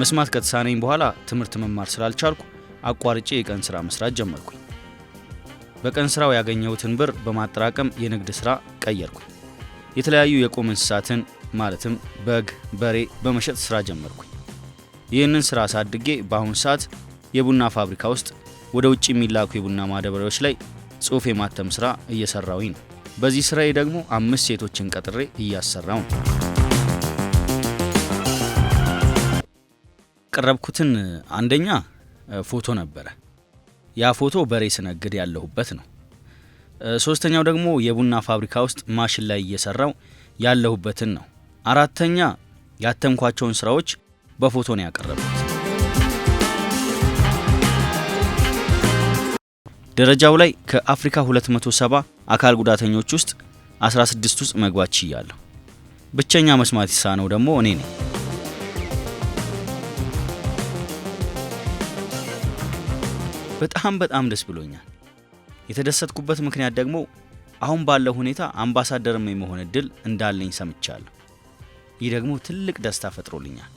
መስማት ከተሳነኝ በኋላ ትምህርት መማር ስላልቻልኩ አቋርጬ የቀን ስራ መስራት ጀመርኩኝ። በቀን ስራው ያገኘሁትን ብር በማጠራቀም የንግድ ስራ ቀየርኩኝ። የተለያዩ የቁም እንስሳትን ማለትም በግ፣ በሬ በመሸጥ ስራ ጀመርኩኝ። ይህንን ስራ አሳድጌ በአሁኑ ሰዓት የቡና ፋብሪካ ውስጥ ወደ ውጭ የሚላኩ የቡና ማዳበሪያዎች ላይ ጽሑፍ የማተም ስራ እየሰራሁኝ ነው። በዚህ ስራዬ ደግሞ አምስት ሴቶችን ቀጥሬ እያሰራው ነው። ያቀረብኩትን አንደኛ ፎቶ ነበረ። ያ ፎቶ በሬ ስነግድ ያለሁበት ነው። ሶስተኛው ደግሞ የቡና ፋብሪካ ውስጥ ማሽን ላይ እየሰራው ያለሁበትን ነው። አራተኛ ያተምኳቸውን ስራዎች በፎቶ ነው ያቀረብኩት። ደረጃው ላይ ከአፍሪካ 270 አካል ጉዳተኞች ውስጥ 16 ውስጥ መግባት ችያለሁ። ብቸኛ መስማት ይሳነው ደግሞ እኔ ነኝ። በጣም በጣም ደስ ብሎኛል። የተደሰትኩበት ምክንያት ደግሞ አሁን ባለው ሁኔታ አምባሳደርም የመሆን እድል እንዳለኝ ሰምቻለሁ። ይህ ደግሞ ትልቅ ደስታ ፈጥሮልኛል።